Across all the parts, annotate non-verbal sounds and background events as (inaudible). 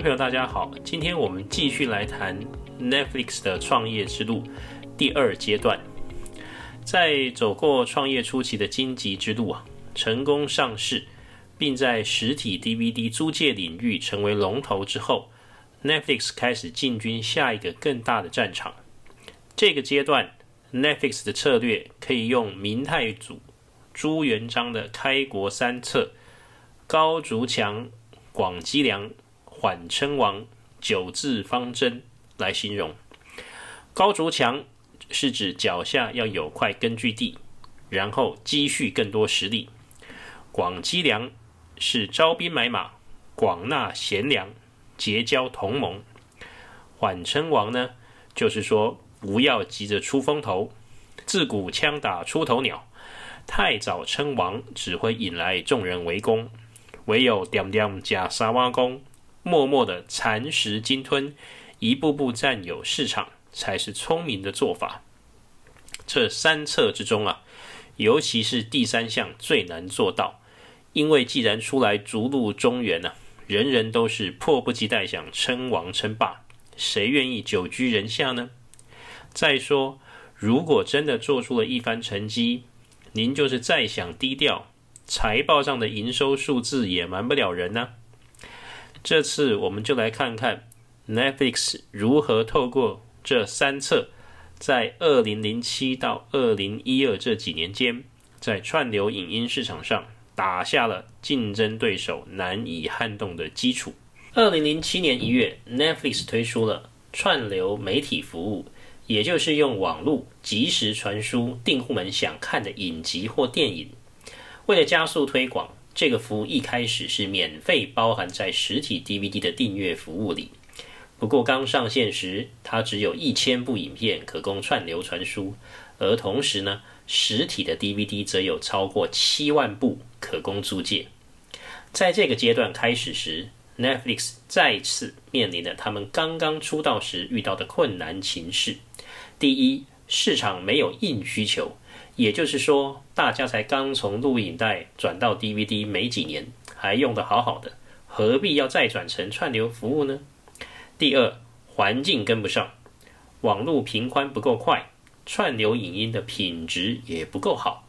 朋友大家好，今天我們繼續來談 Netflix 的創業之路第二階段。在走過創業初期的荊棘之路啊，成功上市，並在實體 DVD 租借領域成為龍頭之後，Netflix 開始進軍下一個更大的戰場。這個階段，Netflix 的策略可以用明太祖朱元璋的開國三策：高築牆、廣積糧、緩稱王九字方針來形容。高築牆是指腳下要有塊根據地，然後積蓄更多實力。廣積糧是招兵買馬，廣納賢良，結交同盟。緩稱王呢，就是說不要急着出風頭。自古槍打出頭鳥，太早稱王只會引來眾人圍攻。唯有惦惦吃三碗公。默默的蠶食鯨吞，一步步佔有市場，才是聰明的做法。這三策之中啊，尤其是第三項最難做到，因為既然出來逐鹿中原呢、啊，人人都是迫不及待想稱王稱霸，誰願意久居人下呢？再說，如果真的做出了一番成績，您就是再想低調，財報上的營收數字也瞞不了人呢、啊。這次我們就來看看 Netflix 如何透過這三策，在二零零七到二零一二這幾年間，在串流影音市場上打下了競爭對手難以撼動的基礎。二零零七年一月，Netflix 推出了串流媒體服務，也就是用網絡即時傳輸訂戶們想看的影集或電影。為了加速推廣，這個服務一開始是免費，包含在實體 DVD 的訂閱服務裡。不過剛上線時，它只有一千部影片可供串流傳輸，而同時呢，實體的 DVD 則有超過七萬部可供租借。在這個階段開始時，Netflix 再次面臨着他們剛剛出道時遇到的困難情勢：第一，市場沒有硬需求。也就是說，大家才剛從錄影帶轉到 DVD 沒幾年，還用得好好的，何必要再轉成串流服務呢？第二，環境跟不上，網絡頻寬不夠快，串流影音的品質也不夠好。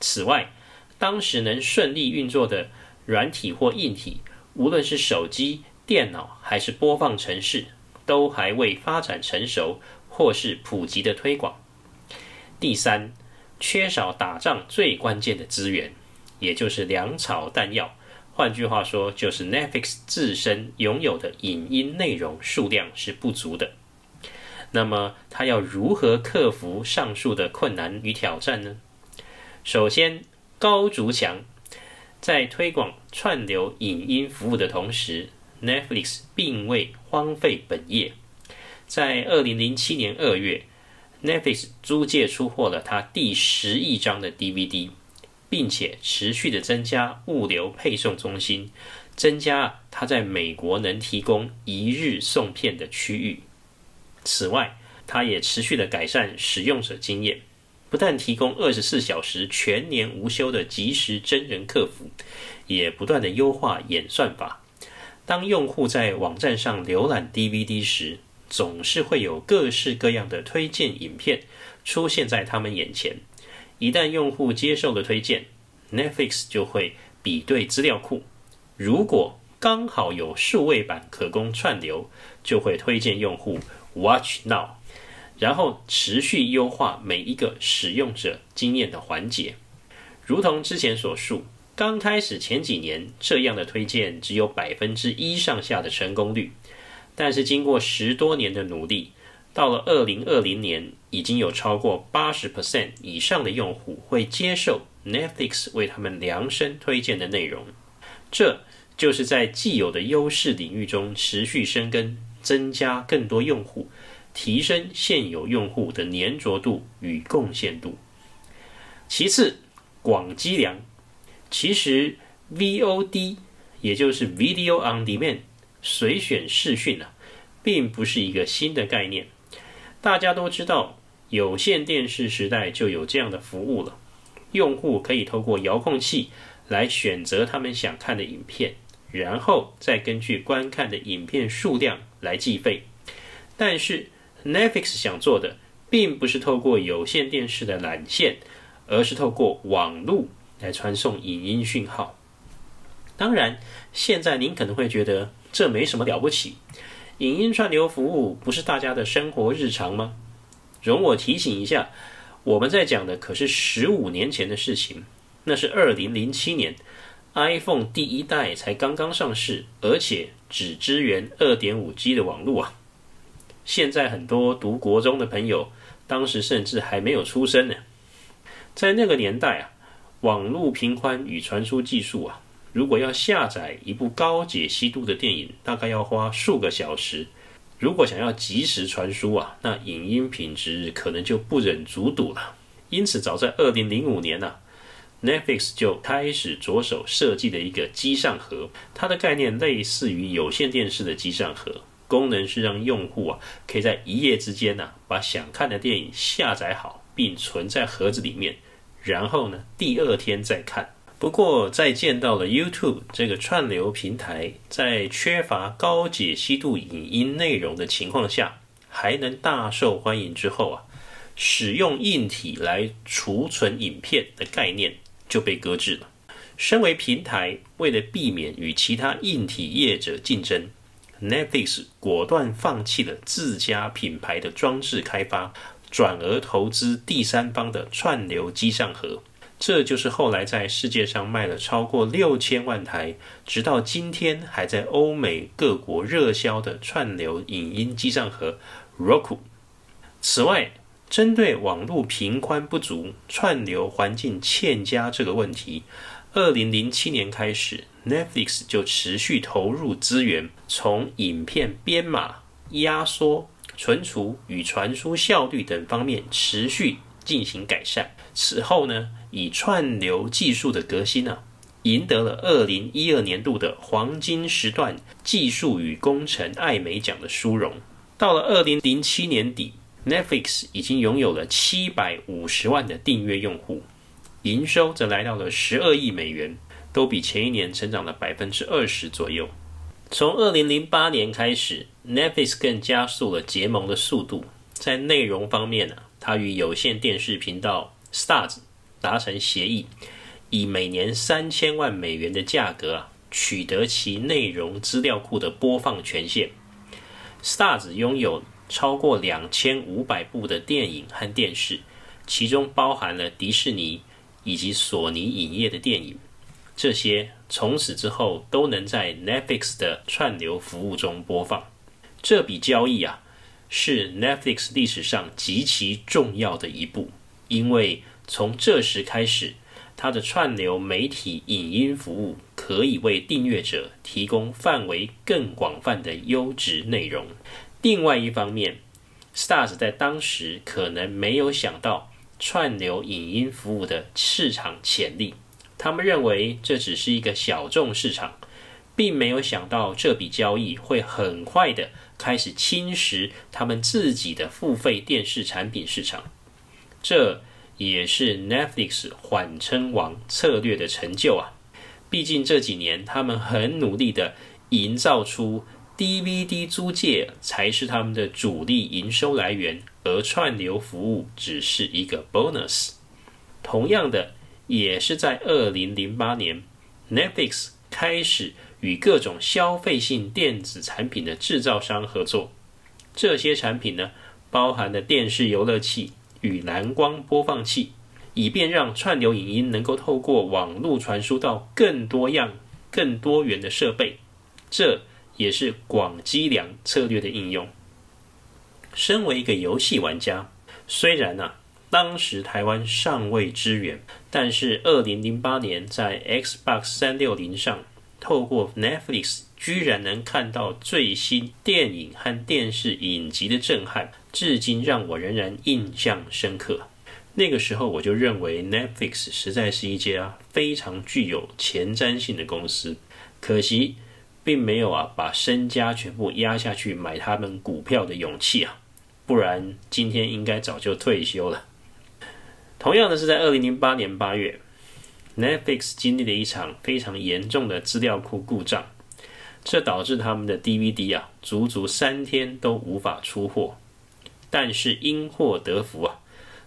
此外，當時能順利運作的軟體或硬體，無論是手機、電腦還是播放程式，都還未發展成熟或是普及的推廣。第三。缺少打仗最關鍵的資源，也就是糧草彈藥。換句話說，就是 Netflix 自身擁有的影音內容數量是不足的。那麼，他要如何克服上述的困難與挑戰呢？首先，高築牆在推廣串流影音服務的同時，Netflix 並未荒廢本業。在2007年2月。Netflix 租借出貨了它第十億張的 DVD，並且持續的增加物流配送中心，增加它在美國能提供一日送片的區域。此外，它也持續的改善使用者經驗，不但提供二十四小時全年無休的即時真人客服，也不斷的優化演算法。當用戶在網站上瀏覽 DVD 時，總是會有各式各樣的推薦影片出現在他們眼前。一旦用戶接受了推薦，Netflix 就會比對資料庫。如果剛好有數位版可供串流，就會推薦用戶 Watch Now，然後持續優化每一個使用者經驗的環節。如同之前所述，剛開始前幾年，這樣的推薦只有百分之一上下的成功率。但是經過十多年的努力，到了二零二零年，已經有超過八十 percent 以上的用戶會接受 Netflix 為他們量身推薦的內容。這就是在既有的優勢領域中持續生根，增加更多用戶，提升現有用戶的粘着度與貢獻度。其次，廣積糧，其實 VOD，也就是 Video on Demand。隨選視訊呢、啊，並不是一個新的概念。大家都知道，有線電視時代就有這樣的服務了。用戶可以透過遙控器來選擇他們想看的影片，然後再根據觀看的影片數量來計費。但是 Netflix 想做的，並不是透過有線電視的纜線，而是透過網路來傳送影音訊號。當然，現在您可能會覺得。這沒什麼了不起，影音串流服務不是大家的生活日常嗎？容我提醒一下，我們在講的可是十五年前的事情，那是二零零七年，iPhone 第一代才剛剛上市，而且只支援二點五 G 的網絡啊。現在很多讀國中的朋友，當時甚至還沒有出生呢。在那個年代啊，網絡頻寬與傳輸技術啊。如果要下載一部高解析度的電影，大概要花數個小時。如果想要即時傳輸啊，那影音品質可能就不忍卒睹了。因此，早在二零零五年呢、啊、，Netflix 就開始着手設計了一個機上盒，它的概念類似於有線電視的機上盒，功能是讓用戶啊，可以在一夜之間呢、啊，把想看的電影下載好並存在盒子裡面，然後呢，第二天再看。不過，在見到了 YouTube 這個串流平台在缺乏高解析度影音內容的情況下還能大受歡迎之後啊，使用硬體來儲存影片的概念就被擱置了。身為平台，為了避免與其他硬體業者競爭，Netflix 果斷放棄了自家品牌的裝置開發，轉而投資第三方的串流機上盒。這就是後來在世界上賣了超過六千萬台，直到今天還在歐美各國熱銷的串流影音機上盒 Roku。此外，針對網絡頻寬不足、串流環境欠佳這個問題，二零零七年開始，Netflix 就持續投入資源，從影片編碼、壓縮、存儲與傳輸效率等方面持續進行改善。此後呢，以串流技術的革新啊，贏得了二零一二年度的黃金時段技術與工程艾美獎的殊榮。到了二零零七年底，Netflix 已經擁有了七百五十萬的訂閱用戶，營收則來到了十二億美元，都比前一年成長了百分之二十左右。從二零零八年開始，Netflix 更加速了結盟的速度，在內容方面呢、啊，它與有線電視頻道 Stars。達成協議，以每年三千萬美元的價格啊，取得其內容資料庫的播放權限。Stars 擁有超過兩千五百部的電影和電視，其中包含了迪士尼以及索尼影業的電影，這些從此之後都能在 Netflix 的串流服務中播放。這筆交易啊，是 Netflix 歷史上極其重要的一步。因為從這時開始，它的串流媒體影音服務可以為訂閱者提供範圍更廣泛的優質內容。另外一方面，Stars 在當時可能沒有想到串流影音服務的市場潛力，他們認為這只是一個小眾市場，並沒有想到這筆交易會很快地開始侵蝕他們自己的付費電視產品市場。這也是 Netflix 緩稱王策略的成就啊！畢竟這幾年他們很努力的營造出 DVD 租借才是他們的主力營收來源，而串流服務只是一個 bonus。同樣的，也是在二零零八年，Netflix 開始與各種消費性電子產品的製造商合作，這些產品呢，包含了電視遊樂器，與藍光播放器，以便讓串流影音能夠透過網路傳輸到更多樣、更多元的設備，這也是廣積糧策略的應用。身為一個遊戲玩家，雖然呢、啊、當時台灣尚未支援，但是二零零八年在 Xbox 三六零上，透過 Netflix 居然能看到最新電影和電視影集的震撼。至今讓我仍然印象深刻。那個時候我就認為 Netflix 實在是一家非常具有前瞻性的公司。可惜，並沒有啊把身家全部壓下去買他們股票的勇氣啊，不然今天應該早就退休了。同樣的是在二零零八年八月，Netflix 經歷了一場非常嚴重的資料庫故障，這導致他們的 DVD 啊足足三天都無法出貨。但是因禍得福啊！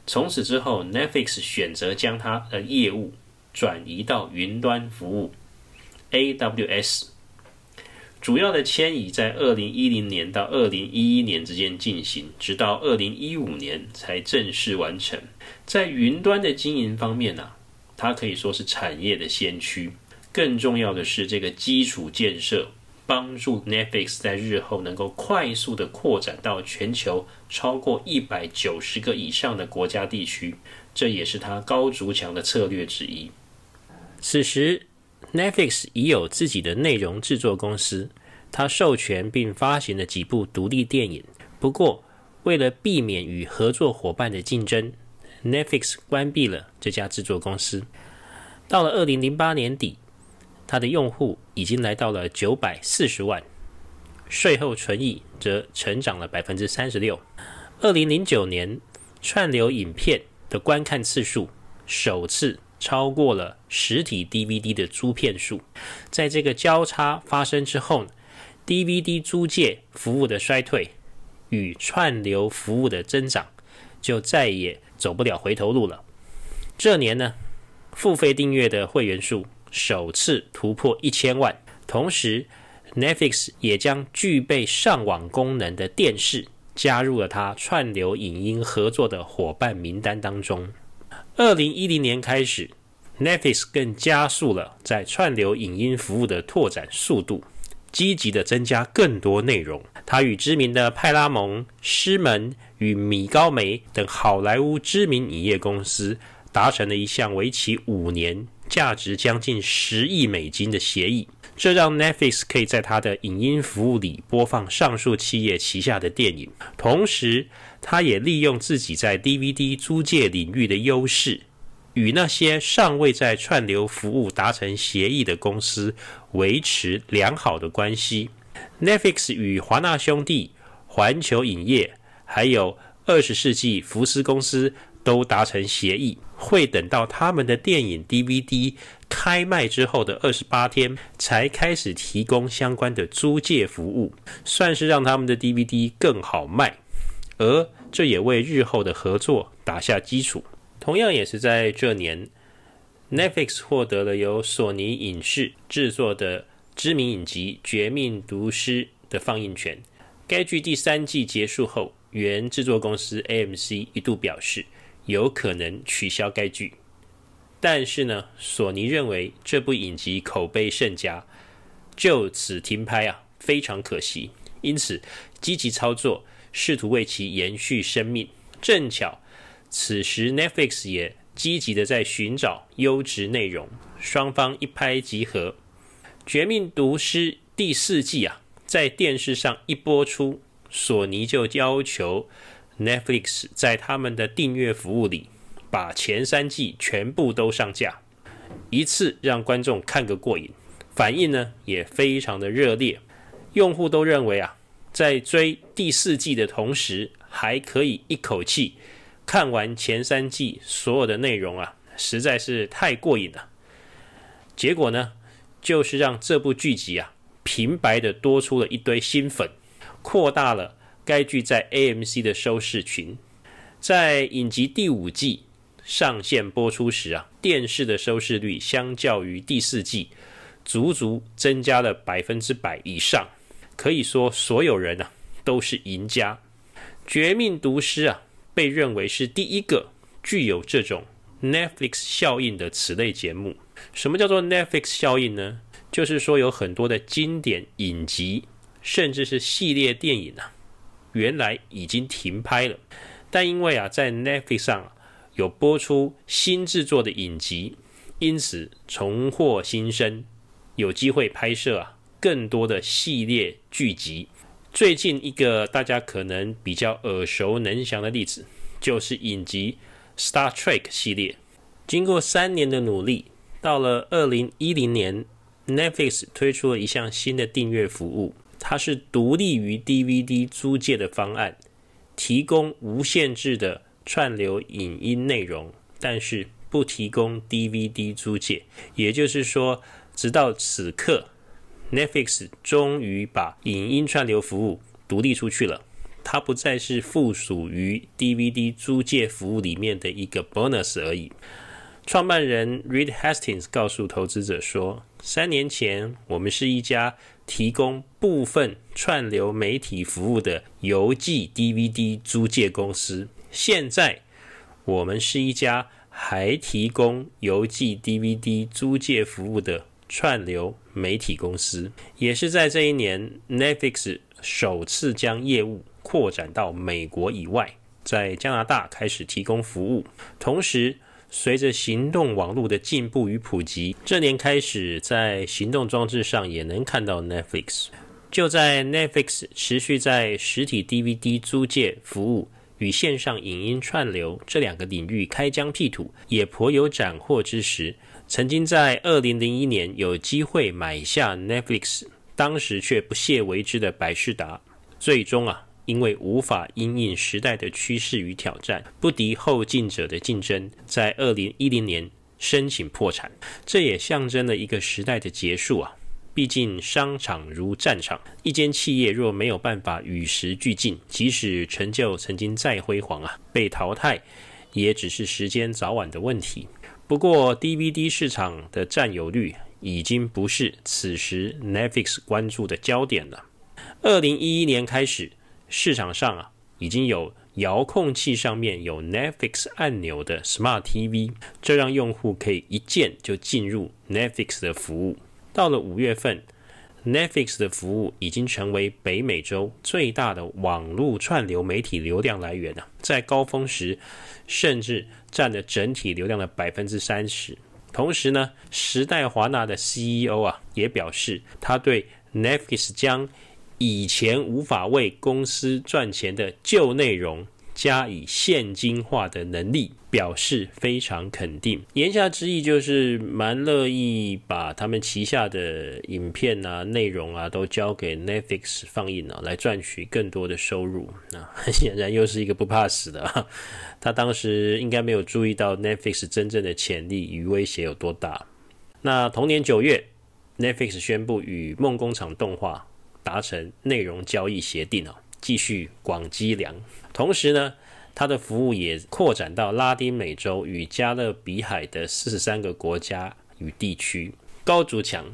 從此之後，Netflix 選擇將它的業務轉移到雲端服務 AWS。主要的遷移在2010年到2011年之間進行，直到2015年才正式完成。在雲端的經營方面呢、啊，它可以說是產業的先驅。更重要的是，這個基礎建設。幫助 Netflix 在日後能夠快速的擴展到全球超過一百九十個以上的國家地區，這也是它高築牆的策略之一。此時，Netflix 已有自己的內容製作公司，它授權並發行了幾部獨立電影。不過，為了避免與合作夥伴的競爭，Netflix 關閉了這家製作公司。到了二零零八年底。它的用戶已經來到了九百四十萬，稅後純益則成長了百分之三十六。二零零九年，串流影片的觀看次數首次超過了實體 DVD 的租片數。在這個交叉發生之後，DVD 租借服務的衰退與串流服務的增長就再也走不了回頭路了。這年呢，付費訂閱的會員數。首次突破一千萬，同時 Netflix 也將具備上網功能的電視加入了它串流影音合作的夥伴名單當中。二零一零年開始，Netflix 更加速了在串流影音服務的拓展速度，積極地增加更多內容。它與知名的派拉蒙、獅門與米高梅等好萊塢知名影業公司達成了一項為期五年。價值將近十億美金的協議，這讓 Netflix 可以在它的影音服務裡播放上述企業旗下的電影。同時，它也利用自己在 DVD 租借領域的優勢，與那些尚未在串流服務達成協議的公司維持良好的關係。Netflix 與華納兄弟、環球影業，還有20世紀福斯公司。都達成協議，會等到他們的電影 DVD 開賣之後的二十八天才開始提供相關的租借服務，算是讓他們的 DVD 更好賣，而這也為日後的合作打下基礎。同樣也是在這年，Netflix 獲得了由索尼影視制作的知名影集《絕命毒師》的放映權。該劇第三季結束後，原制作公司 AMC 一度表示，有可能取消該劇，但是呢，索尼認為這部影集口碑甚佳，就此停拍啊非常可惜，因此積極操作，試圖為其延續生命。正巧此時 Netflix 也積極地在尋找優質內容，雙方一拍即合，《絕命毒師》第四季啊在電視上一播出，索尼就要求。Netflix 在他們的訂閱服務裡把前三季全部都上架，一次讓觀眾看個過癮，反應呢也非常的熱烈。用戶都認為啊，在追第四季的同時，還可以一口氣看完前三季所有的內容啊，實在是太過癮了。結果呢，就是讓這部劇集啊平白的多出了一堆新粉，擴大了。該劇在 AMC 的收視群，在影集第五季上線播出時啊，電視的收視率相較於第四季足足增加了百分之百以上，可以說所有人啊都是贏家。《絕命毒師》啊被認為是第一個具有這種 Netflix 效應的此類節目。什麼叫做 Netflix 效應呢？就是說有很多的經典影集，甚至是系列電影啊。原來已經停拍了，但因為啊在 Netflix 上啊，有播出新制作的影集，因此重獲新生，有機會拍攝啊更多的系列劇集。最近一個大家可能比較耳熟能詳的例子，就是影集 Star Trek 系列。經過三年的努力，到了二零一零年，Netflix 推出了一項新的訂閱服務。它是獨立於 DVD 租借的方案，提供無限制的串流影音內容，但是不提供 DVD 租借。也就是說，直到此刻，Netflix 終於把影音串流服務獨立出去了，它不再是附屬於 DVD 租借服務裡面的一個 bonus 而已。創辦人 Reed Hastings 告訴投資者說：“三年前，我們是一家。”提供部分串流媒體服務的郵寄 DVD 租借公司，現在我們是一家還提供郵寄 DVD 租借服務的串流媒體公司，也是在這一年 Netflix 首次將業務擴展到美國以外，在加拿大開始提供服務，同時。隨着行動網絡的進步與普及，這年開始在行動裝置上也能看到 Netflix。就在 Netflix 持續在實體 DVD 租借服務與線上影音串流這兩個領域開疆闢土，也頗有斬獲之時，曾經在2001年有機會買下 Netflix，當時卻不屑為之的百視達，最終啊。因為無法因應時代的趨勢與挑戰，不敵後進者的競爭，在二零一零年申請破產，這也象徵了一個時代的結束啊！畢竟商場如戰場，一間企業若沒有辦法與時俱進，即使成就曾經再輝煌啊，被淘汰也只是時間早晚的問題。不過，DVD 市場的佔有率已經不是此時 Netflix 關注的焦點了。二零一一年開始。市場上啊，已經有遙控器上面有 Netflix 按鈕的 Smart TV，這讓用戶可以一鍵就進入 Netflix 的服務。到了五月份，Netflix 的服務已經成為北美洲最大的網絡串流媒體流量來源呢，在高峰時甚至佔了整體流量的百分之三十。同時呢，時代華納的 CEO 啊也表示，他對 Netflix 將以前無法為公司賺錢的舊內容加以現金化的能力，表示非常肯定。言下之意就是蠻樂意把他們旗下的影片啊、內容啊都交給 Netflix 放映啊，來賺取更多的收入啊。顯然又是一個不怕死的啊。他當時應該沒有注意到 Netflix 真正的潛力與威脅有多大。那同年九月，Netflix 宣布與夢工廠動畫達成內容交易協定啊，繼續廣積糧。同時呢，它的服務也擴展到拉丁美洲與加勒比海的四十三個國家與地區。高築牆，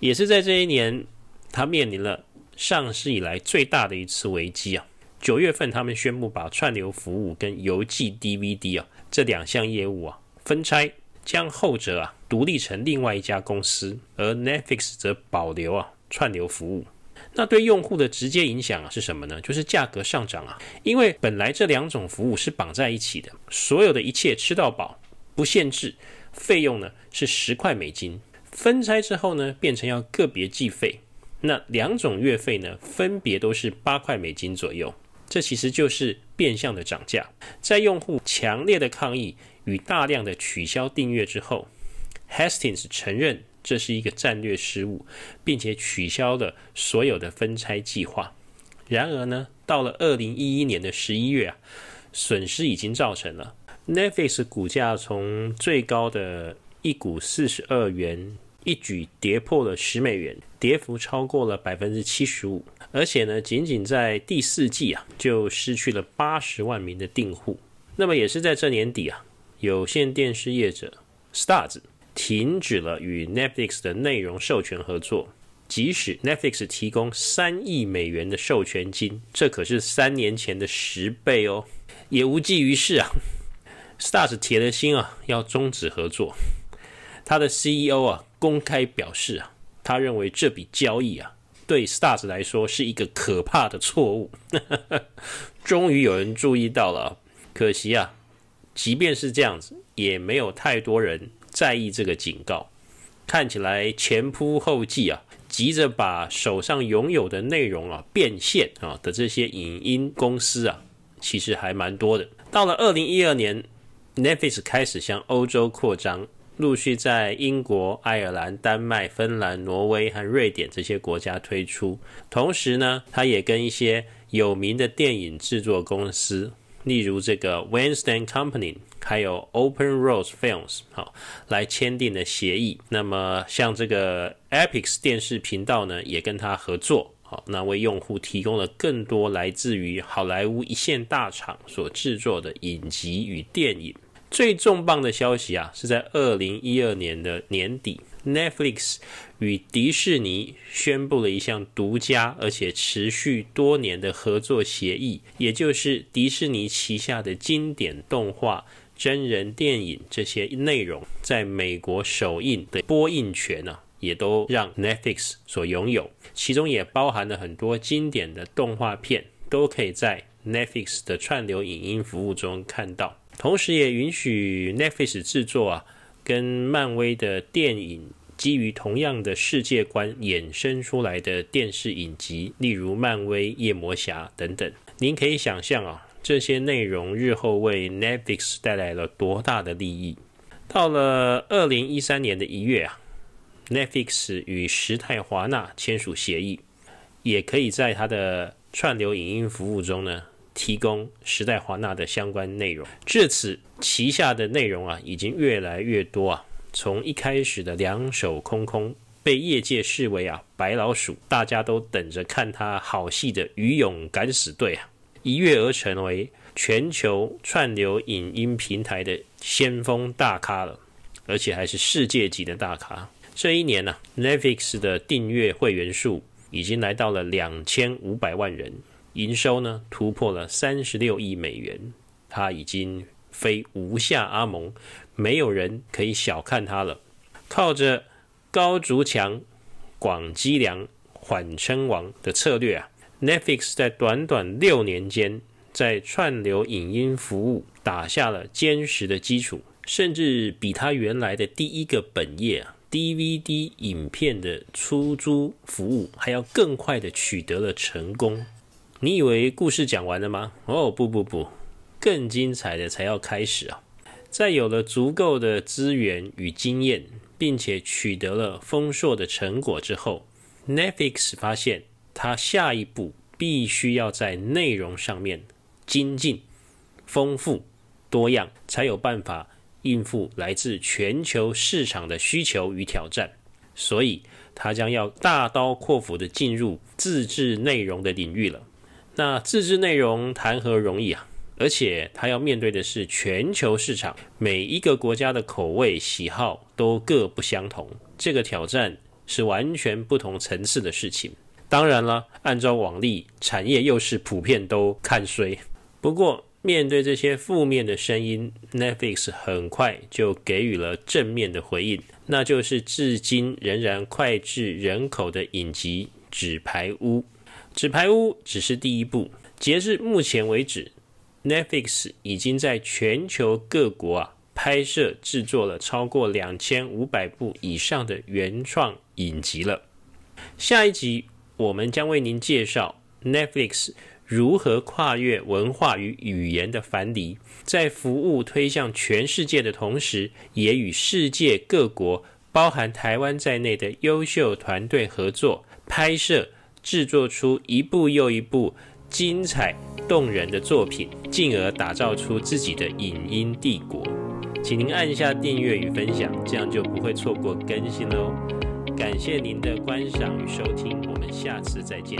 也是在這一年，他面臨了上市以來最大的一次危機啊。九月份，他們宣布把串流服務跟郵寄 DVD 啊這兩項業務啊分拆，將後者啊獨立成另外一家公司，而 Netflix 則保留啊。串流服務，那對用戶的直接影響啊是什麼呢？就是價格上漲啊，因為本來這兩種服務是綁在一起的，所有的一切吃到飽，不限制，費用呢是十塊美金。分拆之後呢，變成要個別計費，那兩種月費呢，分別都是八塊美金左右。這其實就是變相的漲價。在用戶強烈的抗議與大量的取消訂閱之後，Hastings 承認。這是一個戰略失誤，並且取消了所有的分拆計劃。然而呢，到了二零一一年的十一月啊，損失已經造成了。Netflix 股價從最高的一股四十二元，一舉跌破了十美元，跌幅超過了百分之七十五。而且呢，僅僅在第四季啊，就失去了八十萬名的訂戶。那麼也是在這年底啊，有線電視業者 Stars，ST ARS, 停止了與 Netflix 的內容授權合作，即使 Netflix 提供三億美元的授權金，這可是三年前的十倍哦，也無濟於事啊。 (laughs) Stars 鐵了心啊，要終止合作。他的 CEO 啊公開表示啊，他認為這筆交易啊對 Stars 來說是一個可怕的錯誤。 (laughs) 終於有人注意到了啊，可惜啊，即便是這樣子，也沒有太多人。在意這個警告，看起來前仆後繼啊，急着把手上擁有的內容啊變現啊的這些影音公司啊，其實還蠻多的。到了二零一二年，Netflix 開始向歐洲擴張，陸續在英國、愛爾蘭、丹麥、芬蘭、挪威和瑞典這些國家推出。同時呢，他也跟一些有名的電影製作公司，例如這個 Weinstein Company，還有 Open Road Films 好，來簽訂的協議。那麼像這個 Epix 電視頻道呢，也跟他合作，好，那為用戶提供了更多來自於好萊塢一線大廠所製作的影集與電影。最重磅的消息啊，是在二零一二年的年底，Netflix 與迪士尼宣布了一項獨家而且持續多年的合作協議，也就是迪士尼旗下的經典動畫。真人電影這些內容在美國首映的播映權呢，啊，也都讓 Netflix 所擁有，其中也包含了很多經典的動畫片，都可以在 Netflix 的串流影音服務中看到。同時，也允許 Netflix 製作啊，跟漫威的電影基於同樣的世界觀衍生出來的電視影集，例如《漫威夜魔俠》等等。您可以想象啊。這些內容日後為 Netflix 帶來了多大的利益？到了二零一三年的一月啊，Netflix 與時代華納簽署協議，也可以在他的串流影音服務中呢提供時代華納的相關內容。至此，旗下的內容啊已經越來越多啊，從一開始的兩手空空，被業界視為啊白老鼠，大家都等着看他好戲的愚勇敢死隊。啊。一躍而成為全球串流影音平台的先鋒大咖了，而且還是世界級的大咖。這一年呢、啊，Netflix 的訂閱會員數已經來到了兩千五百萬人，營收呢突破了三十六億美元。他已經非吳下阿蒙，沒有人可以小看他了。靠着高築牆、廣積糧、緩稱王的策略啊。Netflix 在短短六年間，在串流影音服務打下了堅實的基礎，甚至比它原來的第一個本業啊 DVD 影片的出租服務還要更快的取得了成功。你以為故事講完了嗎？哦，不不不，更精彩的才要開始啊！在有了足夠的資源與經驗，並且取得了豐碩的成果之後，Netflix 發現。它下一步必須要在內容上面精進、豐富、多樣，才有辦法應付來自全球市場的需求與挑戰。所以，它將要大刀闊斧地進入自製內容的領域了。那自製內容談何容易啊？而且，它要面對的是全球市場，每一個國家的口味喜好都各不相同，這個挑戰是完全不同層次的事情。當然了，按照往例，產業又是普遍都看衰。不過，面對這些負面的聲音，Netflix 很快就給予了正面的回應，那就是至今仍然膾炙人口的影集《紙牌屋》。《紙牌屋》只是第一部。截至目前為止，Netflix 已經在全球各國啊拍攝製作了超過兩千五百部以上的原創影集了。下一集。我們將為您介紹 Netflix 如何跨越文化與語言的藩籬，在服務推向全世界的同時，也與世界各國（包含台灣在內的）優秀團隊合作拍攝、制作出一部又一部精彩動人的作品，進而打造出自己的影音帝國。請您按下訂閱與分享，這樣就不會錯過更新哦。感謝您的觀賞與收聽，我們下次再見。